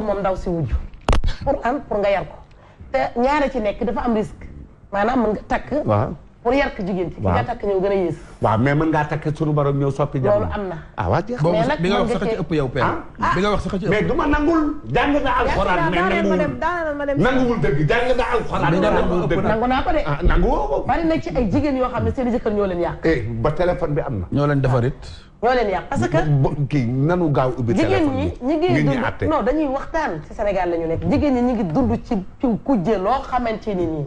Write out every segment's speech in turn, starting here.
moom ndaw si wujju pour am pour nga yar ko te ñaare ci nekk dafa am risque maanaam mën nga takk pour yàq jigéen ci ki nga takk ñëw gën a yées waaw mais mën ngaa takk sunu borom ñëw soppi jamono loolu am na ah waa jeex bi nga wax sax ci ëpp yow père ah, ah. bi nga wax sax ci ëpp mais du ma nangul jàng na alxuraan mais nanguwul nanguwul dëgg jàng na alxuraan nanguwul dëgg nangu naa ko de ah, nangu woo bari na ci ay jigéen yoo xam ne seen jëkkër ñoo leen yàq eh, ba téléphone bi am na ñoo leen defarit ñoo leen yàq parce que kii nanu gaaw ubbi jigéen ñi ñi ngi dund non dañuy waxtaan ci Sénégal la ñu nekk jigéen ñi ñi ngi dund ci ci kujje loo xamante ni nii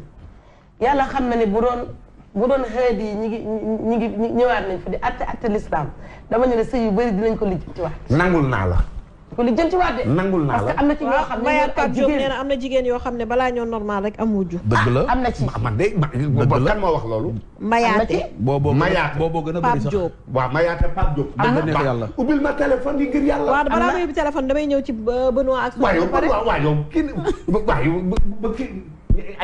yàlla xam na ne bu doon bu doon xeet yi ñi ngi ñi ngi ñëwaat nañ fa di atte atte l'islam dama ne la sëy yu bëri dinañ ko lijjantiwaat. nangul naa la. ko lijjantiwaat de. nangul naa la parce que am na ci ñoo xam ne ñoo ak jigéen nee na am na jigéen yoo xam ne balaa ñoo normal rek am wujju. dëgg la ah, am na ci man de man kan moo wax loolu. mayaate booboo mayaate booboo gën a bëri sax Pape Diop. waaw mayaate Pape Diop. am na nekk yàlla ubbil ma téléphone yi ngir yàlla. waaw balaa ma yóbbu téléphone damay ñëw ci euh, Benoît ak. waaw yow waaw waaw yow kii waaw yow ba kii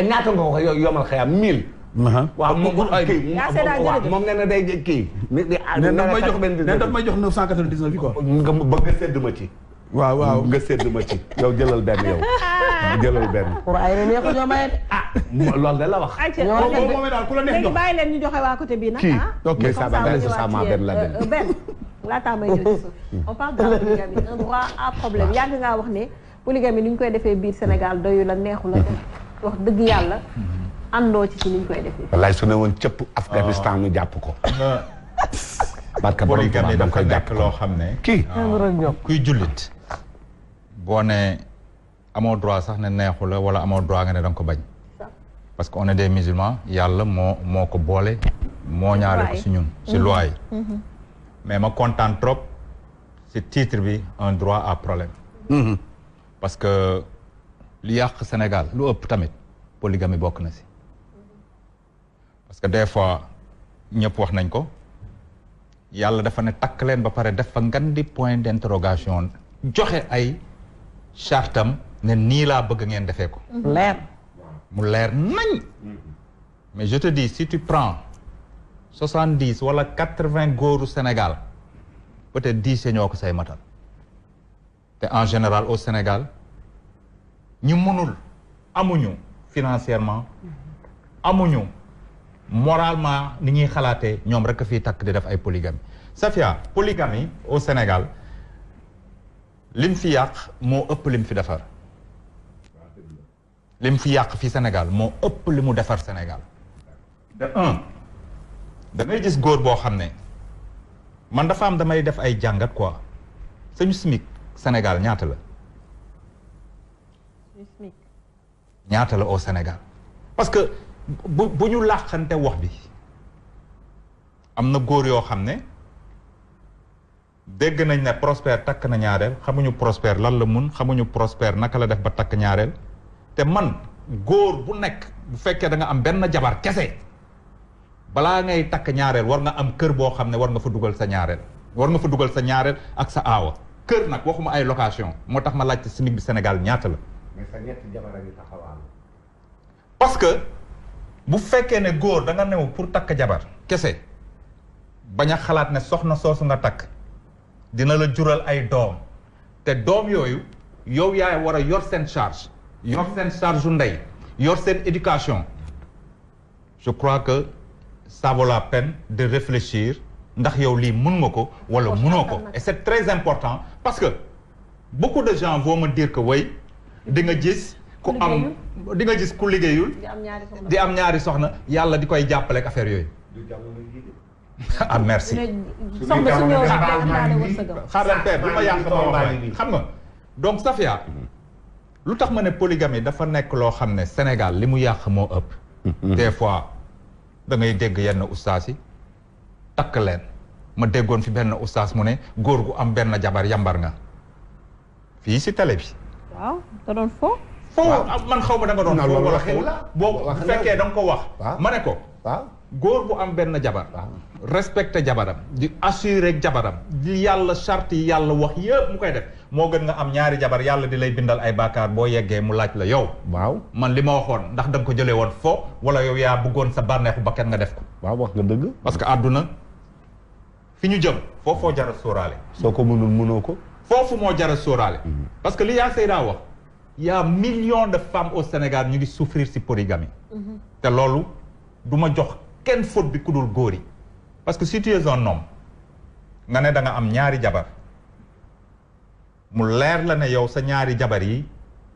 ñaata nga ko yomal xëyam mille waaw moom ay moom nee na day kii. nee ah, na daf may jox nee na daf may jox neuf cent quatre-vingt-dix-neuf yi quoi. nga bëgg a sédd ma ci. waaw waaw nga sédd ma ci yow jëlal benn yow jëlal benn. pour ay réew mi ko ñoo maye. ah loolu de la wax. moom moom daal ku la neex jox léegi bàyyi leen ñu joxe waa côté bii nag. kii ah. ok ça va benn ça ma benn la benn. benn laataa may jël on parle de la polygamie un droit à problème yàgg ngaa wax ne polygamie ni ñu koy defee biir Sénégal doyu la neexu la wax dëgg yàlla àndoo ci si niñ koy defee. wallaay su ne woon cëpp Afghanistan ñu jàpp ko. Ah. barka borom tubaab da koy jàpp loo xam ne. kii ah. kuy jullit. boo ne amoo droit sax ne neexu la wala amoo droit nga ne da ko bañ. parce que on est des musulmans yàlla moo moo ko boole. moo ñaale ko si ñun si mm-hmm. loi yi. Mm-hmm. mais ma kontaan trop si titre bi un droit à problème. Mm-hmm. parce que lu yàq Sénégal lu ëpp tamit polygamie bokk na si. parce que des fois ñëpp wax nañ ko yàlla dafa ne takk leen ba pare def fa ngan di point d'interrogation joxe ay chartam ne nii laa bëgg ngeen defee ko. leer mu leer nañ. mais je te dis si tu prends soixante dix wala quatre vingt góoru Sénégal peut être dix ñoo ko say matal te en général au Sénégal ñu mënul amuñu financièrement amuñu. moralement ni ñuy xalaatee ñoom rek a fiy takk di def ay polygamie Safia polygamie au Sénégal lim fi yàq moo ëpp lim fi defar lim fi yàq fi Sénégal moo ëpp li mu defar Sénégal de un gis góor boo xam ne man dafa am damay def ay jàngat quoi sañu SMIC Sénégal ñaata la ñaata la au Sénégal bu bu ñu làqante wax bi am na góor yoo xam ne dégg nañ ne Prospère takk na ñaareel xamuñu Prospère lan la mun xamuñu Prospère naka la def ba takk ñaareel te man góor bu nekk bu fekkee da nga am benn jabar kese balaa ngay takk ñaareel war nga am kër boo xam ne war nga fa dugal sa ñaareel war nga fa dugal sa ñaareel ak sa aawa kër nag waxuma ay location moo tax ma laajte SMIC bi Sénégal ñaata la. mais sa bu fekkee ne góor da nga new pour takk jabar kese bañ a xalaat ne soxna soosu nga takk dina la jural ay doom te doom yooyu yow yaay war a yor seen charge yor seen charge u ndey yor seen éducation je crois que ça vaut la peine de réfléchir ndax yow lii mun nga ko wala munoo ko et c'est très important parce que beaucoup de gens vont me ko que dinga di gis ku am di nga gis ku liggéeyul. di am ñaari soxna yàlla di koy jàppale ak affaire yooyu. am ah, merci. soxna su ñëw xaaral père bu ma yàq sama mbaay nii xam nga donc Safia. Mm-hmm. lu tax ma ne polygamie dafa nekk loo xam ne Sénégal li mu yàq moo ëpp. Mm-hmm. des fois da dégg yenn ustaas takk leen ma déggoon fi benn ustaas mu ne góor gu am benn jabar yàmbar nga fii si télé bi. foo ah, man xaw ma da nga doon foo wala xew la boo bu fekkee da nga ko wax ma ne ko waaw góor bu am benn jabar respecté jabaram di assuré jabaram di yàlla charte yàlla wax yëpp mu koy def moo gën nga am ñaari jabar yàlla di lay bindal ay baakaar boo yeggee mu laaj la yow waaw man li ma waxoon ndax da ko jëlee woon foo wala yow yaa bëggoon sa bànneexu bakkan nga def ko waaw wax nga dëgg parce que àdduna fi ñu jëm foofoo jara sóoraale soo ko mënul mënoo ko foofu moo jara sóoraale mm-hmm. parce que li yaa y a millions de femmes au Sénégal ñu ngi souffrir si polygamie mhm. te loolu du ma jox kenn faute bi ku dul góor yi parce que si tu es un nga ne da nga am ñaari jabar mu leer la ne yow sa ñaari jabar yi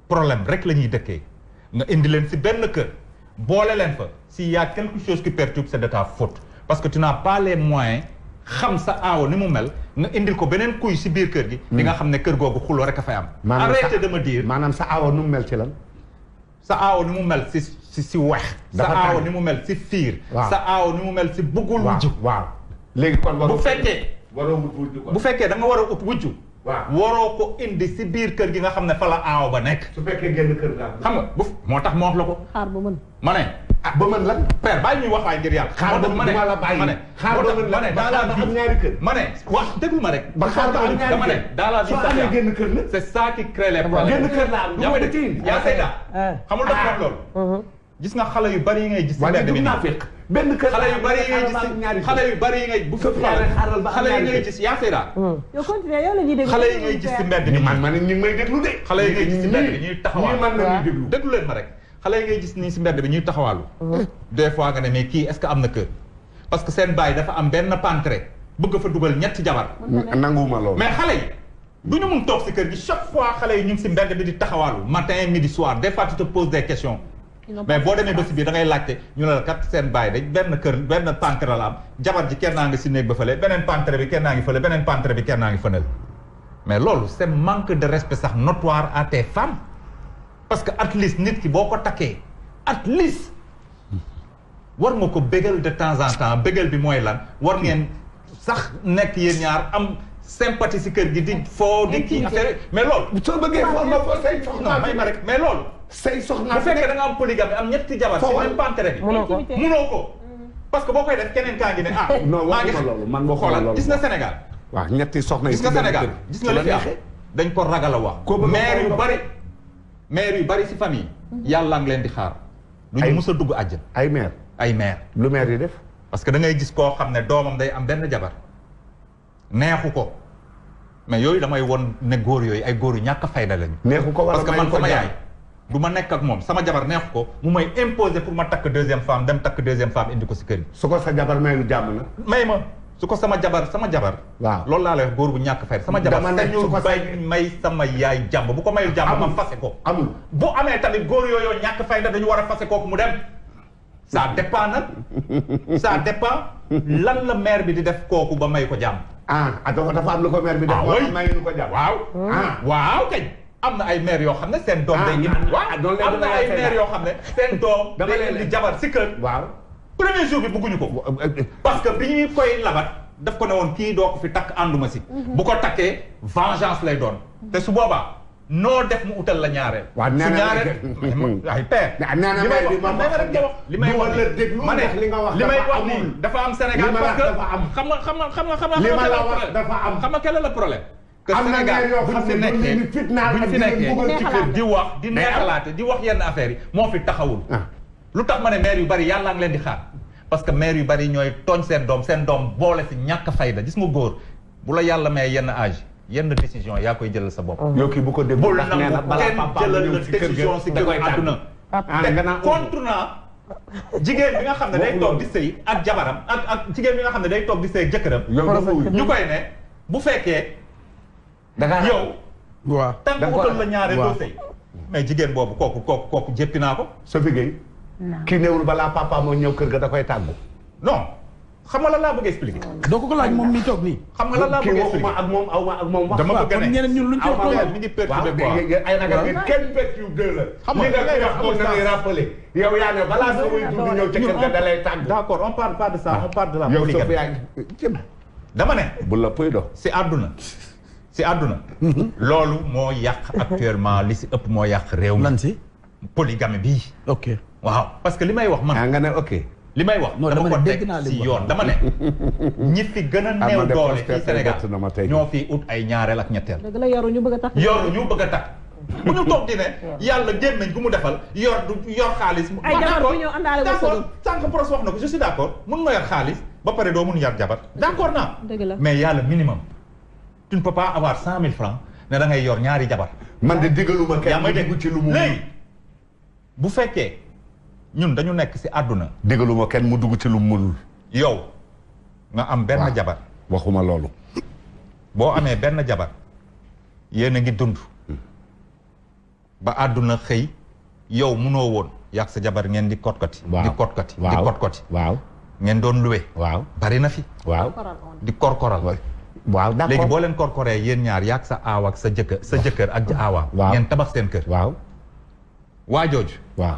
problème rek la ñuy dëkkee nga indi leen si benn kër boole leen fa si y a quelque chose qui perturbe c'est de ta faute parce que tu n'as pas les moyen xam sa aawo ni mu mel nga indil ko beneen kuy si biir kër gi hmm. di nga xam ne kër googu xuloo rek a am arrêté de me dire maanaam sa aawo ni mel ci lan sa aawo ni mu mel si si si wex sa aawo ni mu mel si fiir sa aawo ni mu mel si bëggul wujju waaw léegi kon bu fekkee bu fekkee da nga war a ut wujju waaw waroo ko indi si biir kër gi nga xam ne fa la ba nekk su fekkee génn kër moo tax moo wax la ko xaar ba mën ma Ah, ba man lan père bàyyi ñuy wax waaye ngir yàlla. xaar ba ma ne ma la bàyyi xaar ba ma ne daal laa am ñaari ma ne wax déglu ma rek. ba xaar ba am ñaari kër dama ne daal laa soo amee génn kër la. c'est ça qui crée les ah, problèmes génn kër la am. yaa ngi dégg yaa sayda. xamul dafa am loolu. Ah. Mm-hmm. gis nga xale yu bari yi ngay gis. waaye du naafiq yu bari yi ngay yu bari bu fekkee mm. xale yi ngay gis yaa seeda. yow continué ma de. xale yi ngay xale yi ngay gis nii si mbedd bi ñuy taxawaalu. des fois nga ne mais kii est-ce que am na kër. parce que seen baay dafa am benn pantre bëgg fa dugal ñetti jabar. nanguwuma loolu mais xale yi. du ñu mun toog si kër gi chaque fois xale yi ñu ngi si mbedd bi di taxawaalu matin midi soir des fois te poses des questions. mais boo demee ba si biir da laajte ñu ne la kat seen baay dañ benn kër benn pantre la am jabar ji kenn naa ngi si néeg ba fële beneen pantre bi kenn naa ngi fële beneen pantre parce que at least nit ki boo ko takkee at least war nga ko bégal de temps en temps bégal bi mooy lan war ngeen sax nekk yéen ñaar am sympathie si kër gi di foo di kii affaire mais bëggee foo ma foo da nga am polygame am ñetti jabar si même pantere ko parce que boo koy def keneen kaa ngi ne ah non maa ngi loolu man boo xoolal gis nga Sénégal waaw ñetti gis nga Sénégal gis dañ ko ragal wax maire yu bari maire yu bari si famille. yàllaa ngi leen di xaar. lu ñu mus a dugg àjjana. ay maire ay maire lu maire yi def. parce que da ngay gis koo xam ne doomam day am benn jabar neexu ko mais yooyu damay won ne góor yooyu ay góor yu ñàkk fayda lañu. neexu ko wala parce que nekk ak moom sama jabar neexu ko mu may imposer pour ma takk deuxième femme dem takk deuxième femme indi ko si kër yi. su ko sa jabar mayu jàmm na. may ma. su ko sama jabar sama jabar. waaw loolu laa lay wax góor bu ñàkk fay sama jabar sañul bay may sama yaay jàmm bu ko mayul jàmm ma fase ko amul bu amee tamit góor yooyu ñàkk fay da dañu war a fase kooku mu dem ça dépend nag ça dépend lan la maire bi di def kooku ba may ko jàmm ah, ah donc am lu ko maire bi def wala ah, may ko jàmm waaw ah. am na ay maire yoo xam ne seen doom day indi waaw am na ay maire yoo xam ne seen doom day indi jabar si kër premier jour bi bëgguñu ko. parce que bi ñuy koy labat daf ko ne woon kii doo ko fi takk ànduma si. bu ko e vengeance lay doon. te su boobaa noo def mu utal la ñaareel. waaw nee na ay père. li may wax li nga wax dafa am Sénégal parce que xam nga xam nga xam nga xam nga. li ma la wax dafa am xam nga quel est le problème. que Sénégal buñ fi nekkee buñ fi di wax di neexalaate di wax yenn affaires yi moo fi taxawul. lu tax ma ne maire yu bari yàlla ngi leen di xaar parce que maire yu bari ñooy tooñ seen doom seen doom boole si ñàkk fayda gis ma góor bu la yàlla may yenn âge yenn décision yaa koy jëlal sa bopp. Oh. yow kii bu ko déglu bul nangu kenn jëlal la décision si kër àdduna. te ah, ah, contre naa jigéen bi nga xam ne day toog di sëy ak jabaram ak ak jigéen bi nga xam ne day toog di sëy ak jëkkëram. ñu koy ne bu fekkee. yow. waaw tant que wutal la ñaare sëy mais jigéen boobu kooku kooku kooku jéppi naa ko. sa liggéey. ki néewul balaa papa moo ñëw kër ga da koy tàggu. non xam nga lan laa bëgg expliquer. Ah, doo ko ko laaj moom mi toog nii. xam nga lan bëgg expliquer moom aw ma moom wax. dama bëgg ne ñeneen ay ragal ngeen kenn la. xam nga li ñëw ca kër ga da lay tàggu. d'accord on parle ah. ne. bu la si àdduna. si àdduna. loolu moo yàq actuellement li si ëpp moo yàq réew mi. si polygamie bi ok waaw parce que li may wax man. Ah, nga ne ok. li may wax dama ko yoon dama ne. ñi fi gën a néew doole ci Sénégal ñoo fi ut a takk. yoru ñu bëgg a takk. bu ñu toog di ne. mu defal yor du yor xaalis. ay jabar bu ñëw àndaale wërsëg d'accord sànq Pros ba pare doo mun yar jabar d'accord naa. mais yàlla minimum. tu ne peux pas avoir cent mille francs ne da ngay yor ñaari jabar. man de digaluma kenn. yaa may dégg ci lu mu léegi bu fekkee ñun dañu nekk ci àdduna. déggaluma kenn mu dugg ci lu mënul. yow nga am benn jabar. waxuma loolu. boo amee benn jabar yéen a ngi dund. Hmm. ba àdduna xëy yow munoo woon yàq sa jabar ngeen di kotkoti. waaw di kotkoti di kotkoti. waaw ngeen doon luwe. waaw bari na fi. waaw di korkoral. waaw d'accord léegi boo leen korkoree yéen ñaar yàq sa aaw ak sa jëkkër sa jëkkër ak ja ngeen tabax seen kër. waaw waa jooju. waaw.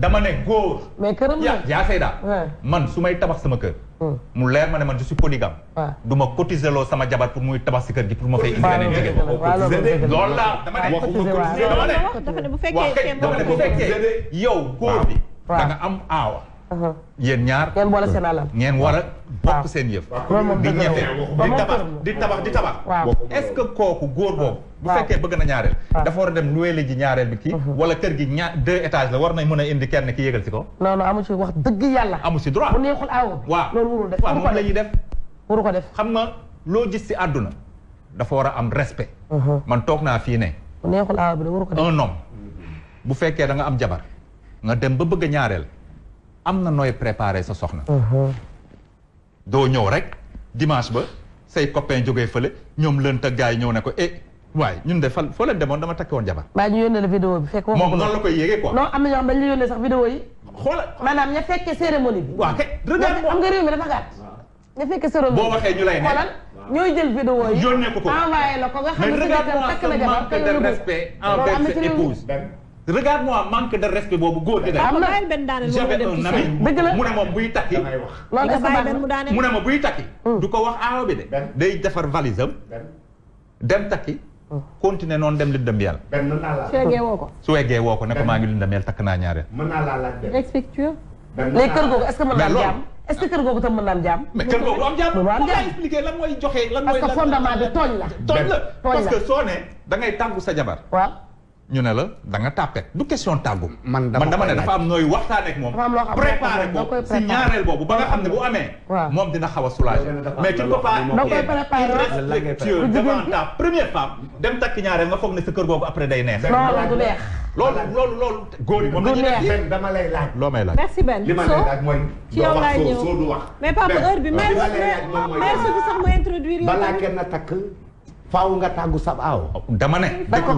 dama ne góor. mais këram la yaa Seyda man su may tabax sama kër. Hmm. mu leer ma ne man je suis polygame. du ma cotiser loo sama jabar pour muy tabax si kër gi pour ma fay indi leneen jigéen. loolu la dama ne. dama ne bu fekkee yow góor bi da nga am aawa. yéen ñaar ngeen boole seen alal ngeen war a bokk seen yëf di ñette di tabax di tabax di tabax kooku góor boobu bu fekkee bëgg na ñaareel dafa war a dem luweele ji ñaareel bi kii mhm. wala kër gi ñaar deux étages la war nañ mën a indi kenn ki yégal si ko non non amu wax dëgg yàlla amu si droit bu neexul awo waaw loolu warul def waaw la ñuy def waru ko def xam na loo gis si àdduna dafa war a am respect mhm. man toog naa fii ne bu neexul awo ko def un bu fekkee da nga am jabar nga dem ba bëgg a ñaareel am na nooy préparer sa soxna. doo ñëw rek dimanche ba say copain jógee fële ñoom lënta gars yi ñëw ne ko eh waaye ñun de fan foo leen demoon dama takk woon jabar. baa ñu yónnee la vidéo bi fekk. la koy yéegee quoi. non am na ñoo sax vidéo yi. xoola maanaam ña fekkee cérémonie bi. waaw kay regarde am nga réew boo waxee ñu lay ne jël vidéo yi. yónnee ko la ko nga xam ne takk na jabar. mais regarde moi respect envers cette épouse. regarde-moi manque de respect boobu góor gi. am na a un ami mu ma buy takki. mu ne ma buy takki. Hmm. du ko wax aawa bi de. day defar valise am. dem takki. Hmm. continuer noonu dem lëndëm yàlla. benn naa la su weggee woo ko. su weggee woo ko ne ko maa ngi lëndëm yàlla takk naa ñaar mën naa laa laaj benn. respectueux. léegi kër googu que mën naa tam mën naa am jàmm. mais kër mooy joxe lan mooy. parce que fondement bi tooñ la. tooñ la parce que soo ne da ngay tàggu sa jabar. waaw ñu ne la da nga tàppet du question tàggu. man dama ne dafa am nooy waxtaan ak moom. préparé ko si ñaareel boobu ba nga xam ne bu amee. moom dina xaw a soulagé. mais tu ne peux pas irrespectueux devant ta première femme. dem takk ñaareel nga foog ne sa kër boobu après day neex. loolu loolu lool góor yi moom la ñuy dama lay laaj. loo may laaj merci Ben. li ma lay laaj mooy. ci yow laay ñëw soo du wax. mais papa heure bi mère bi sax ma introduire yow. balaa takk faaw nga tàggu sab aaw. dama ne déglu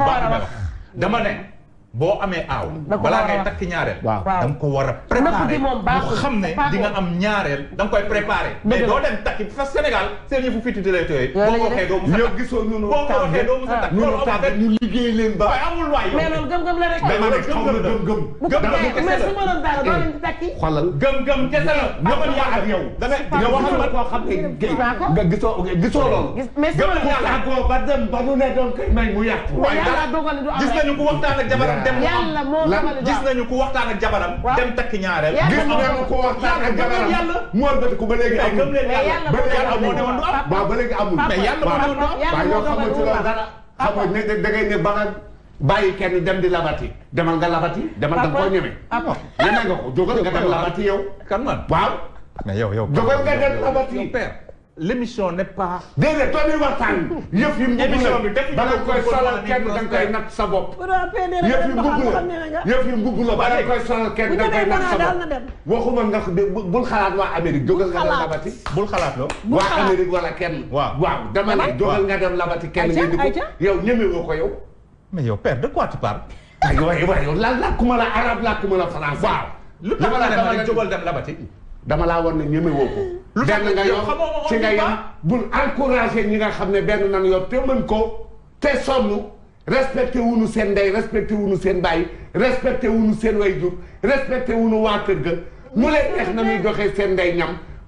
dama ne boo amee aaw. balaa ngay takk ñaareel. waaw da nga ko war a préparer mu xam ne di nga am ñaareel. da nga koy préparer. mais doo dem takki fa Sénégal seen yëfu fii tuuti lay tooyee. boo ko waxee doo musa takk gisoo ñun boo ko waxee doo musa takk loolu amul ñu liggéey leen ba. waaye amul waay mais loolu gëm-gëm la rek. mais man de xaw ma gëm gëm. gëm gëm kese la mais su ma doon daal doo leen di takki. xoolal gëm gëm kese la. ñëwal yaa ak yow. da ngay yow waxal ma koo xam ne kii nga gisoo gisoo loolu. mais su ma doon daal gëm ba dem ba mu ne doon kay may mu yàqu. waaye dara gis nañu ko waxtaan ak jabaram dem mu am gis nañu ku waxtaan ak jabaram. dem takk ñaareel. gis nañu ku waxtaan ak jabaram mu war bëtt ku ba léegi amul. mais yàlla moo doon du am waaw ba léegi amul. mais yàlla moo doon du am waaw yow xam nga ci loolu dara. xam nga ne da ngay ne ba nga bàyyi kenn dem di labati. demal nga labati demal da nga koo ñeme. ñeme nga ko jógal nga dem labati yow. kan man waaw. mais yow yow jógal nga dem labati. l'émission n'est pas. déedéet toolu waxtaan yëf yi mu émission bi dëkk da nga koy solal kenn da nga koy natt sa bopp. yëf yi mbugg la yëf yi mbugg la ba da nga koy solal kenn da nga koy natt sa bopp. waxuma nga bul xalaat waa Amérique jógal nga dem labati. bul xalaat loo waa Amérique wala kenn. waaw waaw dama ne jógal nga dem labati kenn ngeen di ko yow ñemewoo ko yow. mais yow père de quoi tu parles. aywa aywa yow la làkkuma la arabe làkkuma la français. waaw lu tax la dama ne jógal dem labati. dama laa war ne ñeme woo lu tax benn nga yom ci nga yom bul encouragé ñi nga xam ne benn na nan yob te mën ko te sonn respecté wuñu seen ndey respecté wuñu seen baay respecté wuñu seen way jur respecté wuñu waa kër ga mu leen neex na muy joxe seen ndey ñam.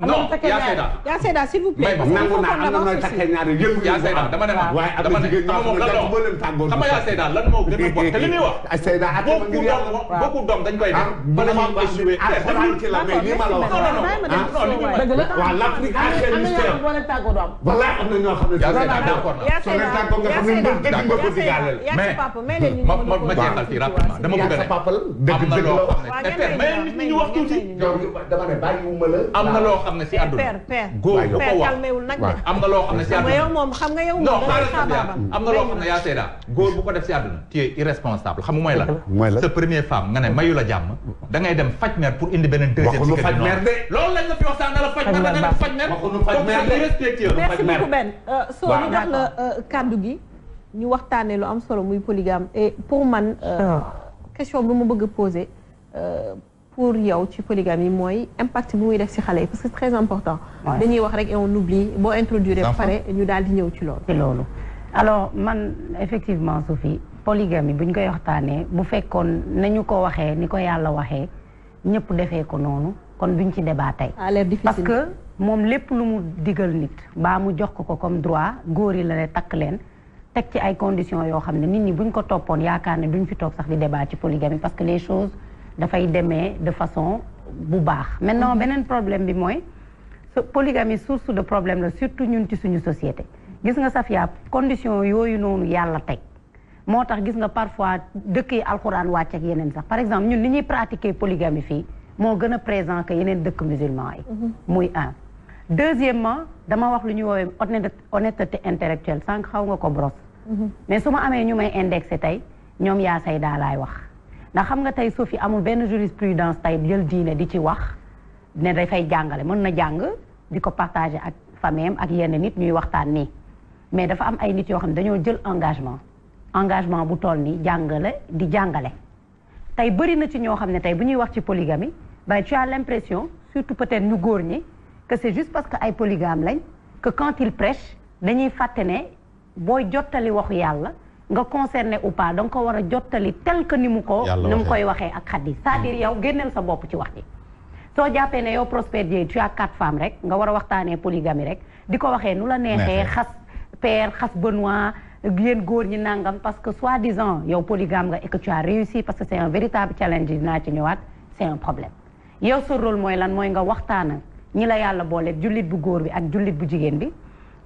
non yaa Seyda yaa Seyda s'il vous plaît. nangu naa am na nooy takkee ñaari yëpp yaa Seyda dama ne ma waaye am na jigéen ñoo xam ne jàpp ba leen tàngoor xam nga yaa Seyda lan moo gën a bon te li muy wax ay Seyda ak ma ngir yàlla bokku doom dañ koy ah, def ba la ñuy échoué alxuraan ci la mais lii ma la wax non non non ah, waaw l'Afrique a ses mystères voilà am na ñoo xam ne yaa Seyda d'accord la soo leen tàngoor nga xam ne mbër dëgg nga ko digaaleel mais ma ma ma jeexal fii rapidement dama bëgg a ne am na loo xam ne mais nit ñi wax tuuti dama ne bàyyiwuma la am na loo xam xam ne si àdduna père père góor bu ko wax am nga loo xam ne si àdduna yow moom xam nga yow non am nga loo xam ne yaa seeda góor bu ko def si àdduna tu es irresponsable xam nga mooy sa première femme nga ne mayu la jàmm da dem faj mer pour indi beneen deuxième waxuñu faj mer de loolu lañ la fi wax sax na la faj mer da nga faj a waxuñu faj mer de respecté merci beaucoup euh, la euh, kàddu gi ñu waxtaanee lu am solo muy polygame et pour man euh, ah. question bi ma bëgg a poser pour yow ci polygamie mooy impact bi muy def ci xale yi parce que c'est très important. dañuy wax rek et on oublie boo introduire. ba pare ñu daal di ñëw ci loolu. ci loolu alors man effectivement Sophie polygamie bu ñu koy waxtaanee bu fekkoon nañu ko waxee ni ko yàlla waxee ñëpp defee ko noonu kon duñ ci débat tey. parce que moom lépp lu mu digal nit. baa mu jox ko ko comme droit góor yi la ne takk leen. teg ci ay conditions yoo xam ne nit ñi buñ ko toppoon yaakaar ne duñ fi toog sax di débat parce que les choses. dafay deme de façon bu baax maintenant mhm. beneen problème bi mooy polygamie source de problème la surtout ñun ci suñu société gis nga Safia condition yooyu noonu yàlla teg moo tax gis nga parfois dëkk yi alxuraan wàcc ak yeneen sax par exemple ñun li ñuy pratiquer polygamie fii moo gën a présent que yeneen dëkk musulman yi mhm. muy un deuxièmement dama wax lu ñuy ñu woowee honnêteté intellectuelle sànq xaw nga ko brosse mhm. mais su ma amee ñu may indexé tey ñoom yaa say daalaay wax ndax xam nga tey Sophie amul benn jurisprudence tey jël diine di ci wax ne dafay jàngale mën na jàng di ko partager ak famille ak yenn nit ñuy waxtaan nii mais dafa am ay nit yoo xam ne dañoo jël engagement engagement bu toll nii jàngale di jàngale tey bëri na ci ñoo xam ne tey bu ñuy wax ci polygamie ben tu as l'impression surtout peut-être ñu góor ñi que c'est juste parce que ay polygame lañ que quand ils prêchent dañuy fàtte ne booy jottali waxu yàlla nga concerné ou pas da nga ko war a jottali tel que ni mu ko ni mu koy waxee ak xaddi c'est-à-dire mm. yow génneel sa bopp ci wax ji soo jàppee ne yow Prospère Dieye tu as quatre rek nga war a waxtaanee polygamie rek di ko waxee nu la neexee xas père xas Benoît yéen góor ñi nangam parce que soi-disant yow polygame nga et que réussi parce que c'est un véritable challenge dinaa ci ñëwaat c'est un problème yow sa rôle mooy lan mooy nga waxtaan ñi la yàlla boole jullit bu góor bi ak jullit bu jigéen bi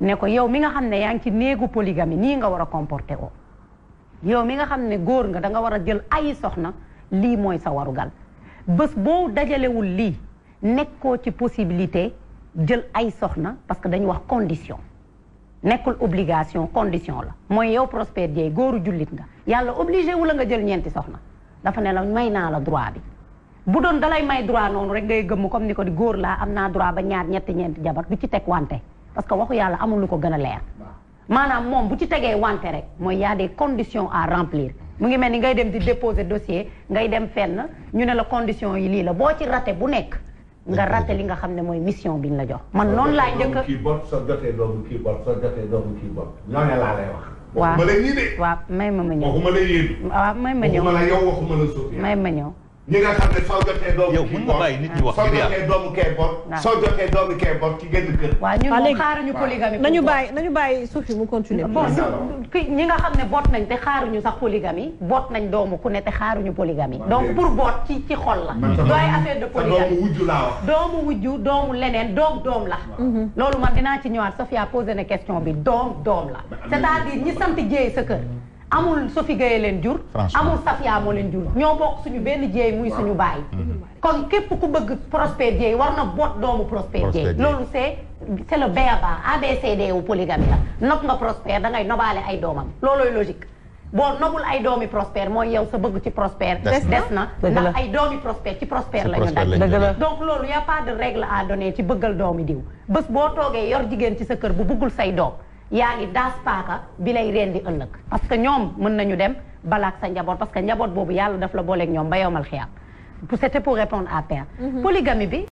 ne ko yow mi nga xam ne yaa ngi ci néegu polygamie nii nga war a comporter oo yow mi nga xam ne góor nga da nga war a jël ay soxna lii mooy sa warugal bés boo dajalewul lii nekkoo ci possibilité jël ay soxna parce que dañu wax condition nekkul obligation condition la mooy yow Prospère Dieye góoru jullit nga yàlla obligé wu la nga jël ñeenti soxna dafa ne la may naa la droit bi bu doon dalay may droit noonu rek ngay gëmm comme ni ko di góor laa am naa droit ba ñaar ñetti ñeenti jabar du ci teg wante parce que waxu yàlla amul ko gën leer maanaam moom bu ci tegee wante rek mooy y a des conditions à remplir mu ngi mel ni ngay dem di déposer dossier ngay dem fenn ñu ne la conditions yi lii la boo ci rate bu nekk nga rate li nga xam ne mooy mission bi ñu la jox. man noonu laay njëkk a kii bot soo jotee doomu kii bot lay wax. waaw waxuma de. waaw may ma ma ñëw waxuma la yéen. waaw may ma ñëw ma la yow waxuma la Sophia may ma ñëw. ñi nga xam ne soo jotee doomu. yow soo jotee doomu kee bor. soo jotee doomu kee bor ci génn kër. waaw ñun moom xaaruñu polygamie. nañu bàyyi nañu bàyyi suuf mu continuer. bon ñi nga xam ne boot nañ te xaaruñu sax polygamie. boot nañ doomu ku ne te xaaruñu polygamie. donc pour boot ci ci xol la. dooy affaire de polygamie doomu wujju laa wax. doomu wujju doomu leneen doom doom la. Mhm. loolu man dinaa ci ñëwaat Sofia posé na question bi doom doom la. c'est-à-dire ñi sant sa kër. amul Sophie Gueye leen jur amul Safia moo leen jur ñoo bokk suñu benn jeey muy suñu baay mhm. kon képp ku bëgg Prospère Dieye war na boot doomu Prospère Dieye loolu c'est c'est le béaba ABCD wu polygamie la nopp nga prosper da ngay nobaale ay doomam loolooy logique boo nobul ay doomi Prospère mooy yow sa bëgg ci Prospère des na ndax ay doomi Prospère ci Prospère la ñu daj donc loolu y a pas de règle à donner ci bëggal doomi diw bës boo toogee yor jigéen ci sa kër bu bëggul say doom yaa ngi daas paaka bi lay rendi ëllëg parce que ñoom mën nañu dem balaak sa njaboot parce que njaboot boobu yàlla daf la booleek ñoom ba yowmal xiyaam c'était pour répondre à Père mm-hmm. polygamie bi